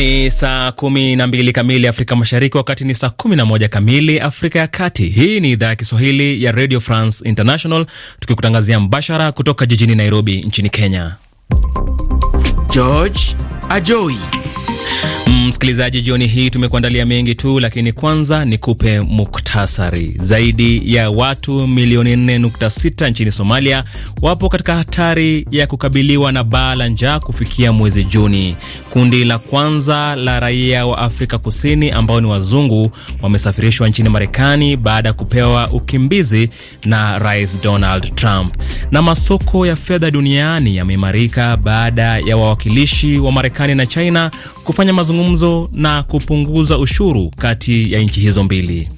Ni saa kumi na mbili kamili Afrika Mashariki, wakati ni saa kumi na moja kamili Afrika ya Kati. Hii ni idhaa ya Kiswahili ya Radio France International, tukikutangazia mbashara kutoka jijini Nairobi nchini Kenya. George Ajoi msikilizaji, jioni hii tumekuandalia mengi tu, lakini kwanza nikupe muktasari. Zaidi ya watu milioni 4.6 nchini Somalia wapo katika hatari ya kukabiliwa na baa la njaa kufikia mwezi Juni. Kundi la kwanza la raia wa Afrika Kusini ambao ni wazungu wamesafirishwa nchini Marekani baada ya kupewa ukimbizi na Rais Donald Trump. Na masoko ya fedha duniani yameimarika baada ya wawakilishi wa Marekani na China kufanya mazungumzo mazungumzo na kupunguza ushuru kati ya nchi hizo mbili.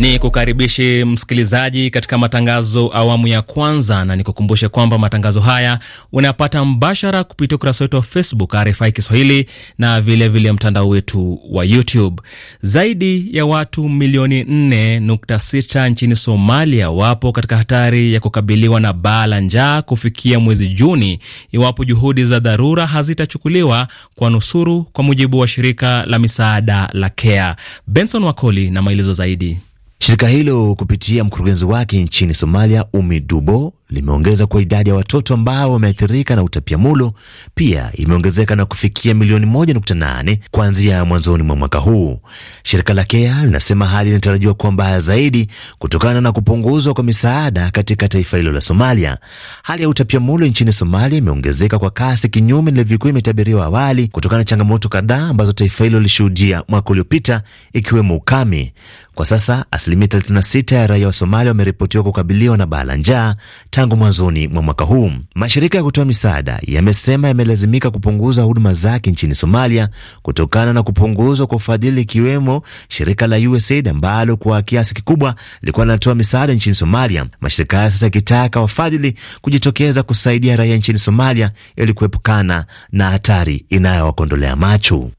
Ni kukaribishe msikilizaji katika matangazo awamu ya kwanza, na nikukumbushe kwamba matangazo haya unayapata mbashara kupitia ukurasa wetu wa Facebook RFI Kiswahili na vilevile mtandao wetu wa YouTube. Zaidi ya watu milioni 4.6 nchini Somalia wapo katika hatari ya kukabiliwa na baa la njaa kufikia mwezi Juni iwapo juhudi za dharura hazitachukuliwa kwa nusuru, kwa mujibu wa shirika la misaada la CARE. Benson Wakoli na maelezo zaidi. Shirika hilo kupitia mkurugenzi wake nchini Somalia, Umi Dubo, limeongeza kwa idadi ya watoto ambao wameathirika na utapiamulo pia imeongezeka na kufikia milioni 1.8 kuanzia mwanzoni mwa mwaka huu. Shirika la Kea linasema hali inatarajiwa kuwa mbaya zaidi kutokana na kupunguzwa kwa misaada katika taifa hilo la Somalia. Hali ya mulo nchini Somalia imeongezeka kwa kasi kinyume nilivyokuwa imetabiriwa awali kutokana na changamoto kadhaa ambazo taifa hilo lilishuhudia mwaka uliopita, ikiwemo ukame. Kwa sasa asilimia 36 ya raia wa Somalia wameripotiwa kukabiliwa na baa la njaa tangu mwanzoni mwa mwaka huu. Mashirika ya kutoa misaada yamesema yamelazimika kupunguza huduma zake nchini Somalia kutokana na kupunguzwa kwa ufadhili, ikiwemo shirika la USAID ambalo kwa kiasi kikubwa lilikuwa linatoa misaada nchini Somalia. Mashirika hayo sasa yakitaka wafadhili kujitokeza kusaidia raia nchini Somalia ili kuepukana na hatari inayowakondolea macho.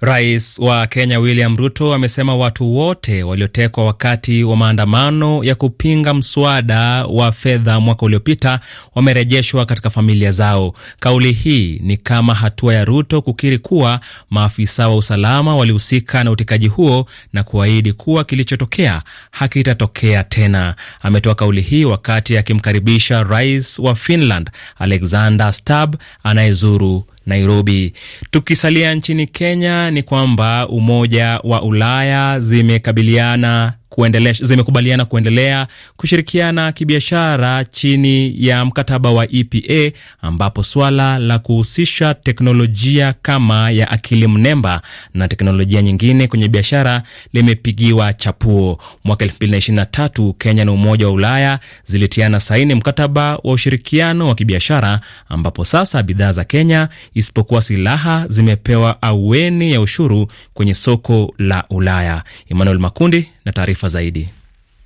Rais wa Kenya William Ruto amesema watu wote waliotekwa wakati wa maandamano ya kupinga mswada wa fedha mwaka uliopita wamerejeshwa katika familia zao. Kauli hii ni kama hatua ya Ruto kukiri kuwa maafisa wa usalama walihusika na utekaji huo na kuahidi kuwa kilichotokea hakitatokea tena. Ametoa kauli hii wakati akimkaribisha rais wa Finland Alexander Stubb anayezuru Nairobi. Tukisalia nchini Kenya, ni kwamba Umoja wa Ulaya zimekabiliana zimekubaliana kuendelea kushirikiana kibiashara chini ya mkataba wa EPA ambapo swala la kuhusisha teknolojia kama ya akili mnemba na teknolojia nyingine kwenye biashara limepigiwa chapuo. Mwaka 2023 Kenya na Umoja wa Ulaya zilitiana saini mkataba wa ushirikiano wa kibiashara ambapo sasa bidhaa za Kenya isipokuwa silaha zimepewa aweni ya ushuru kwenye soko la Ulaya. Emmanuel Makundi na taarifa zaidi.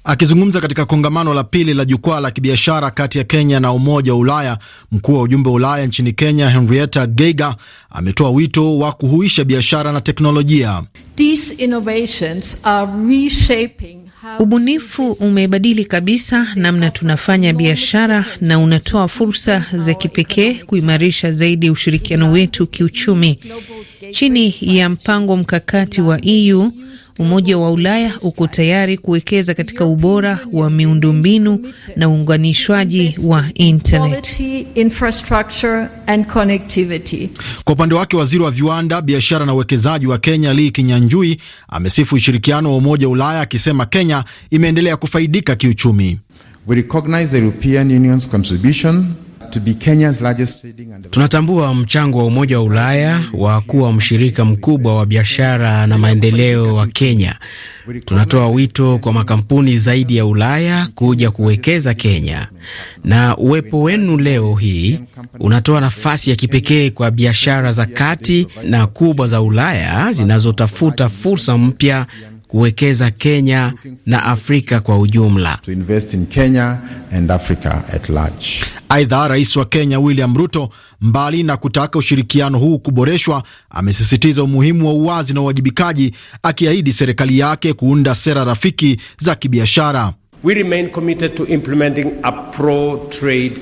Akizungumza katika kongamano la pili la jukwaa la kibiashara kati ya Kenya na Umoja wa Ulaya, mkuu wa ujumbe wa Ulaya nchini Kenya Henrietta Geiger ametoa wito wa kuhuisha biashara na teknolojia. These innovations are reshaping Ubunifu umebadili kabisa namna tunafanya biashara na unatoa fursa za kipekee kuimarisha zaidi ushirikiano wetu kiuchumi. Chini ya mpango mkakati wa EU Umoja wa Ulaya uko tayari kuwekeza katika ubora wa miundombinu na uunganishwaji wa internet. Kwa upande wake, waziri wa viwanda, biashara na uwekezaji wa Kenya Lee Kinyanjui amesifu ushirikiano wa Umoja wa Ulaya akisema Kenya imeendelea kufaidika kiuchumi. We recognize the European Union's contribution Tunatambua mchango wa Umoja wa Ulaya wa kuwa mshirika mkubwa wa biashara na maendeleo wa Kenya. Tunatoa wito kwa makampuni zaidi ya Ulaya kuja kuwekeza Kenya, na uwepo wenu leo hii unatoa nafasi ya kipekee kwa biashara za kati na kubwa za Ulaya zinazotafuta fursa mpya kuwekeza Kenya na Afrika kwa ujumla. Aidha, rais wa Kenya William Ruto, mbali na kutaka ushirikiano huu kuboreshwa, amesisitiza umuhimu wa uwazi na uwajibikaji, akiahidi serikali yake kuunda sera rafiki za kibiashara. We remain committed to implementing a pro-trade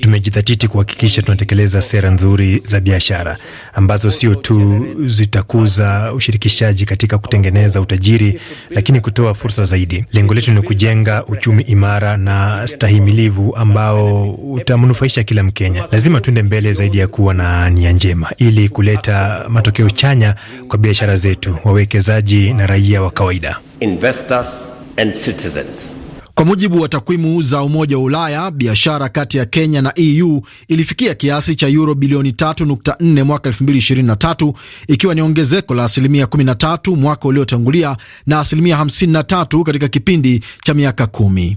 Tumejidhatiti kuhakikisha tunatekeleza sera nzuri za biashara ambazo sio tu zitakuza ushirikishaji katika kutengeneza utajiri, lakini kutoa fursa zaidi. Lengo letu ni kujenga uchumi imara na stahimilivu ambao utamnufaisha kila Mkenya. Lazima tuende mbele zaidi ya kuwa na nia njema, ili kuleta matokeo chanya kwa biashara zetu, wawekezaji na raia wa kawaida, investors and citizens. Kwa mujibu wa takwimu za Umoja wa Ulaya, biashara kati ya Kenya na EU ilifikia kiasi cha euro bilioni 3.4 mwaka 2023 ikiwa ni ongezeko la asilimia 13 mwaka uliotangulia na asilimia 53 katika kipindi cha miaka kumi.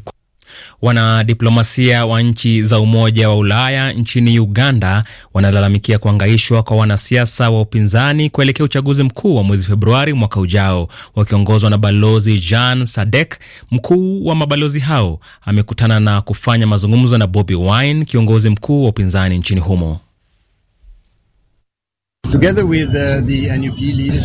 Wanadiplomasia wa nchi za Umoja wa Ulaya nchini Uganda wanalalamikia kuangaishwa kwa wanasiasa wa upinzani kuelekea uchaguzi mkuu wa mwezi Februari mwaka ujao. Wakiongozwa na Balozi Jean Sadek, mkuu wa mabalozi hao amekutana na kufanya mazungumzo na Bobi Wine, kiongozi mkuu wa upinzani nchini humo. Uh,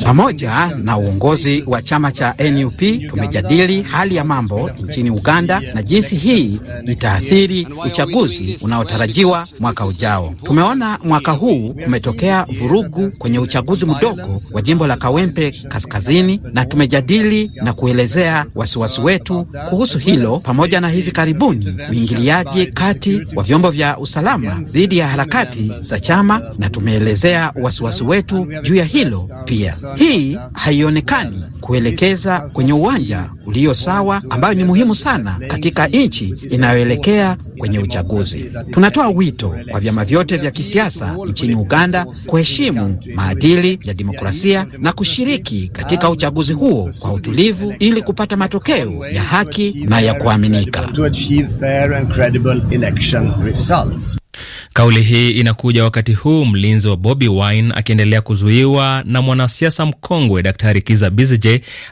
pamoja na uongozi wa chama cha NUP tumejadili hali ya mambo nchini Uganda na jinsi hii uh, itaathiri uchaguzi unaotarajiwa mwaka ujao. Tumeona mwaka huu umetokea vurugu kwenye uchaguzi mdogo wa jimbo la Kawempe Kaskazini, na tumejadili na kuelezea wasiwasi wetu kuhusu hilo, pamoja na hivi karibuni uingiliaji kati wa vyombo vya usalama dhidi ya harakati za chama, na tumeelezea wasiwasi wasiwasi wetu juu ya hilo pia. Hii haionekani kuelekeza kwenye uwanja ulio sawa, ambayo ni muhimu sana katika nchi inayoelekea kwenye uchaguzi. Tunatoa wito kwa vyama vyote vya kisiasa nchini Uganda kuheshimu maadili ya demokrasia na kushiriki katika uchaguzi huo kwa utulivu ili kupata matokeo ya haki na ya kuaminika. Kauli hii inakuja wakati huu mlinzi wa Bobi Wine akiendelea kuzuiwa na mwanasiasa mkongwe Daktari Kiza bizj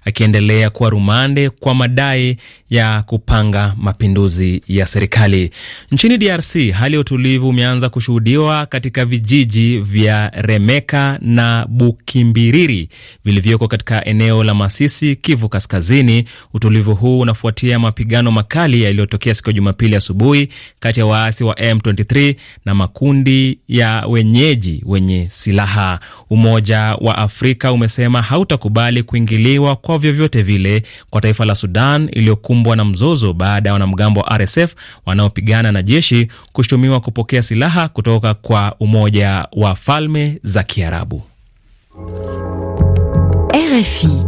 akiendelea kuwa rumande kwa madai ya kupanga mapinduzi ya serikali. Nchini DRC hali ya utulivu umeanza kushuhudiwa katika vijiji vya Remeka na Bukimbiriri vilivyoko katika eneo la Masisi, Kivu Kaskazini. Utulivu huu unafuatia mapigano makali yaliyotokea siku ya Jumapili asubuhi kati ya waasi wa M23 na makundi ya wenyeji wenye silaha. Umoja wa Afrika umesema hautakubali kuingiliwa kwa vyovyote vile kwa taifa la Sudan iliyokumbwa na mzozo baada ya wanamgambo wa RSF wanaopigana na jeshi kushutumiwa kupokea silaha kutoka kwa Umoja wa Falme za Kiarabu. RFI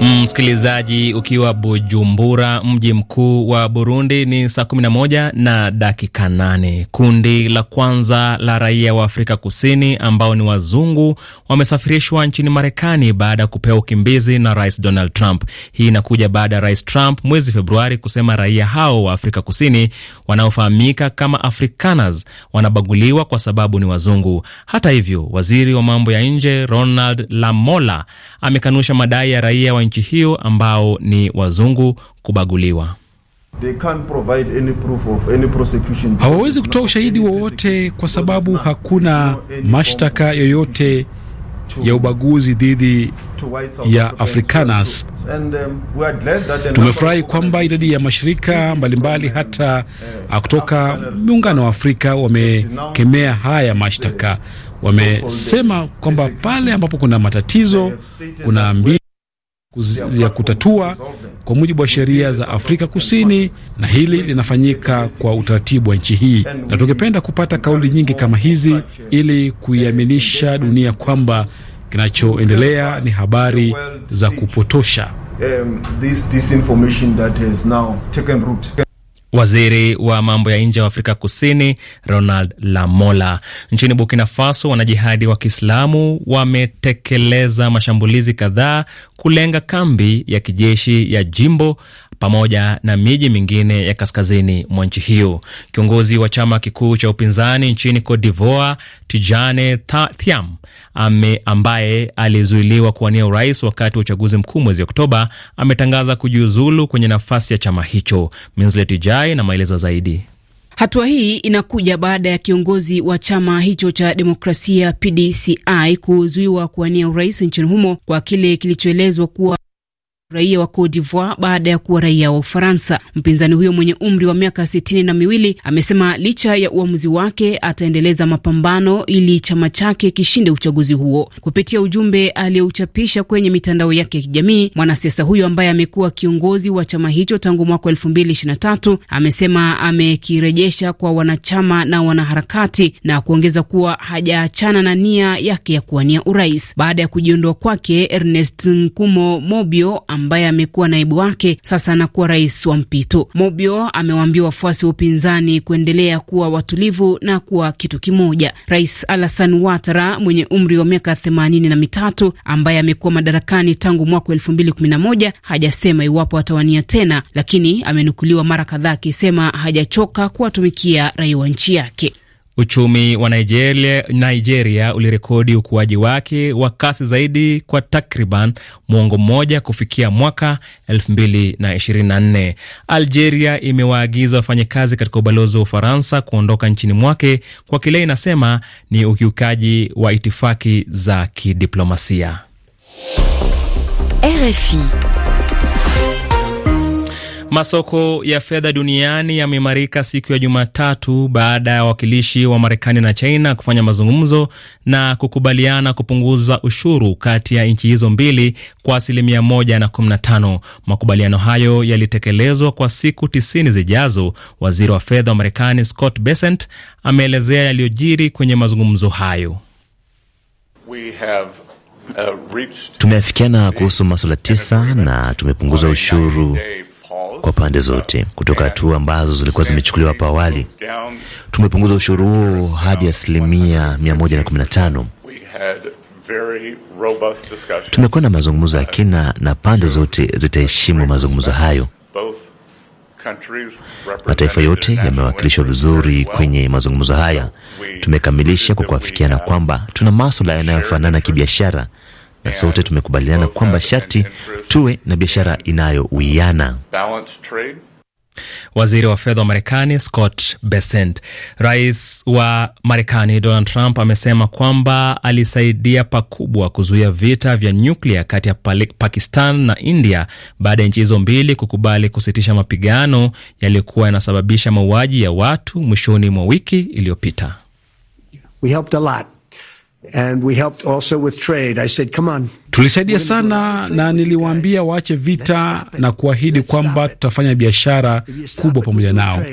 Mm, msikilizaji mm, ukiwa Bujumbura, mji mkuu wa Burundi, ni saa 11 na dakika 8. Kundi la kwanza la raia wa Afrika Kusini ambao ni wazungu wamesafirishwa nchini Marekani baada ya kupewa ukimbizi na Rais Donald Trump. Hii inakuja baada ya Rais Trump mwezi Februari kusema raia hao wa Afrika Kusini wanaofahamika kama Afrikaners wanabaguliwa kwa sababu ni wazungu. Hata hivyo, waziri wa mambo ya nje Ronald Lamola amekanusha madai ya raia wa nchi hiyo ambao ni wazungu kubaguliwa. Hawawezi kutoa ushahidi wowote kwa sababu hakuna mashtaka yoyote ya ubaguzi dhidi ya Afrikaners. Um, tumefurahi kwamba idadi ya mashirika mbalimbali uh, hata uh, kutoka muungano wa Afrika wamekemea haya mashtaka. Wamesema kwamba pale ambapo kuna matatizo kuna mbinu ya kutatua kwa mujibu wa sheria za Afrika Kusini, na hili linafanyika kwa utaratibu wa nchi hii, na tungependa kupata kauli nyingi kama hizi ili kuiaminisha dunia kwamba kinachoendelea ni habari za kupotosha. Um, this Waziri wa mambo ya nje wa Afrika Kusini Ronald Lamola. Nchini Burkina Faso, wanajihadi wa Kiislamu wametekeleza mashambulizi kadhaa kulenga kambi ya kijeshi ya jimbo pamoja na miji mingine ya kaskazini mwa nchi hiyo. Kiongozi wa chama kikuu cha upinzani nchini Cote d'Ivoire Tijane Thiam ambaye alizuiliwa kuwania urais wakati wa uchaguzi mkuu mwezi Oktoba ametangaza kujiuzulu kwenye nafasi ya chama hicho. Minzle Tijane baadaye na maelezo zaidi. Hatua hii inakuja baada ya kiongozi wa chama hicho cha demokrasia PDCI kuzuiwa kuwania urais nchini humo kwa kile kilichoelezwa kuwa raia wa Cote d'Ivoire baada ya kuwa raia wa Ufaransa. Mpinzani huyo mwenye umri wa miaka sitini na miwili amesema licha ya uamuzi wake ataendeleza mapambano ili chama chake kishinde uchaguzi huo. Kupitia ujumbe aliyouchapisha kwenye mitandao yake ya kijamii, mwanasiasa huyo ambaye amekuwa kiongozi wa chama hicho tangu mwaka elfu mbili ishirini na tatu amesema amekirejesha kwa wanachama na wanaharakati na kuongeza kuwa hajaachana na nia yake ya kuwania urais baada ya kujiondoa kwake Ernest Nkumo Mobio ambaye amekuwa naibu wake sasa anakuwa rais wa mpito. Mobio amewaambia wafuasi wa upinzani kuendelea kuwa watulivu na kuwa kitu kimoja. Rais Alasan Watara mwenye umri wa miaka themanini na mitatu ambaye amekuwa madarakani tangu mwaka elfu mbili kumi na moja hajasema iwapo atawania tena, lakini amenukuliwa mara kadhaa akisema hajachoka kuwatumikia raia wa nchi yake. Uchumi wa Nigeria, Nigeria ulirekodi ukuaji wake wa kasi zaidi kwa takriban mwongo mmoja kufikia mwaka 2024. Algeria imewaagiza wafanyakazi katika ubalozi wa Ufaransa kuondoka nchini mwake kwa kile inasema ni ukiukaji wa itifaki za kidiplomasia. RFI Masoko ya fedha duniani yameimarika siku ya Jumatatu baada ya wawakilishi wa Marekani na China kufanya mazungumzo na kukubaliana kupunguza ushuru kati ya nchi hizo mbili kwa asilimia moja na kumi na tano. Makubaliano hayo yalitekelezwa kwa siku tisini zijazo. Waziri wa fedha wa Marekani Scott Bessent ameelezea yaliyojiri kwenye mazungumzo hayo. We have uh, tumeafikiana kuhusu masuala tisa na tumepunguza ushuru kwa pande zote. Kutoka hatua ambazo zilikuwa zimechukuliwa hapo awali, tumepunguza ushuru huo hadi asilimia 115. Tumekuwa na mazungumzo ya kina na pande zote zitaheshimu mazungumzo hayo. Mataifa yote yamewakilishwa vizuri kwenye mazungumzo haya. Tumekamilisha kwa kuafikiana kwamba tuna maswala yanayofanana kibiashara na sote tumekubaliana kwamba sharti tuwe na biashara inayowiana. Waziri wa fedha wa Marekani Scott Bessent. Rais wa Marekani Donald Trump amesema kwamba alisaidia pakubwa kuzuia vita vya nyuklia kati ya Pakistan na India baada ya nchi hizo mbili kukubali kusitisha mapigano yaliyokuwa yanasababisha mauaji ya watu mwishoni mwa wiki iliyopita. And we helped also with trade. I said, Come on. Tulisaidia sana na niliwaambia waache vita na kuahidi kwamba tutafanya biashara kubwa pamoja nao.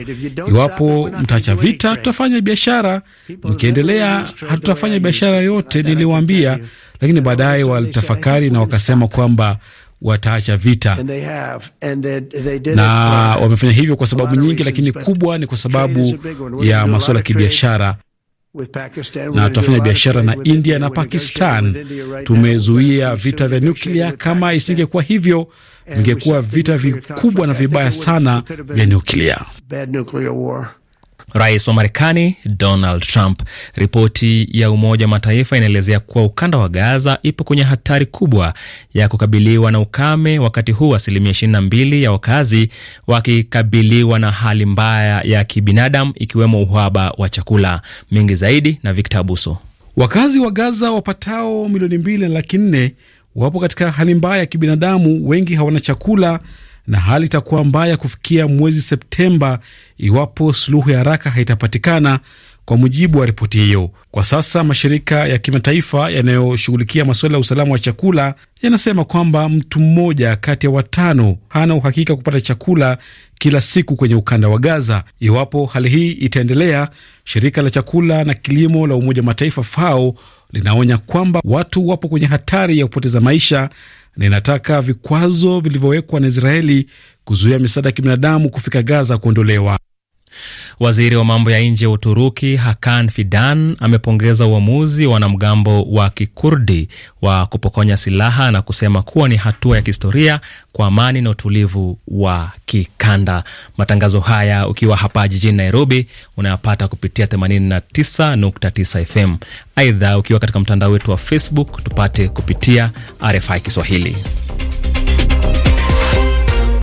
Iwapo mtaacha vita, tutafanya biashara, mkiendelea hatutafanya biashara yote, niliwaambia. Lakini baadaye walitafakari na wakasema kwamba wataacha vita and they have, and they, they did na wamefanya hivyo kwa sababu nyingi, lakini kubwa ni kwa sababu ya masuala ya kibiashara na tutafanya biashara na India na Pakistan. Tumezuia vita vya nyuklia. Kama isingekuwa hivyo, vingekuwa vita vikubwa na vibaya sana vya nyuklia rais wa Marekani Donald Trump. Ripoti ya Umoja wa Mataifa inaelezea kuwa ukanda wa Gaza ipo kwenye hatari kubwa ya kukabiliwa na ukame, wakati huu asilimia 22 ya wakazi wakikabiliwa na hali mbaya ya kibinadamu, ikiwemo uhaba wa chakula. Mengi zaidi na Victor Abuso. Wakazi wa Gaza wapatao milioni mbili na laki nne wapo katika hali mbaya ya kibinadamu, wengi hawana chakula na hali itakuwa mbaya kufikia mwezi Septemba iwapo suluhu ya haraka haitapatikana, kwa mujibu wa ripoti hiyo. Kwa sasa mashirika ya kimataifa yanayoshughulikia masuala ya usalama wa chakula yanasema kwamba mtu mmoja kati ya watano hana uhakika kupata chakula kila siku kwenye ukanda wa Gaza. Iwapo hali hii itaendelea, shirika la chakula na kilimo la Umoja wa Mataifa FAO linaonya kwamba watu wapo kwenye hatari ya kupoteza maisha na inataka vikwazo vilivyowekwa na Israeli kuzuia misaada ya kibinadamu kufika Gaza kuondolewa. Waziri wa mambo ya nje wa Uturuki Hakan Fidan amepongeza uamuzi wa wanamgambo wa kikurdi wa kupokonya silaha na kusema kuwa ni hatua ya kihistoria kwa amani na utulivu wa kikanda. Matangazo haya ukiwa hapa jijini Nairobi unayapata kupitia 89.9 FM. Aidha, ukiwa katika mtandao wetu wa Facebook tupate kupitia RFI Kiswahili.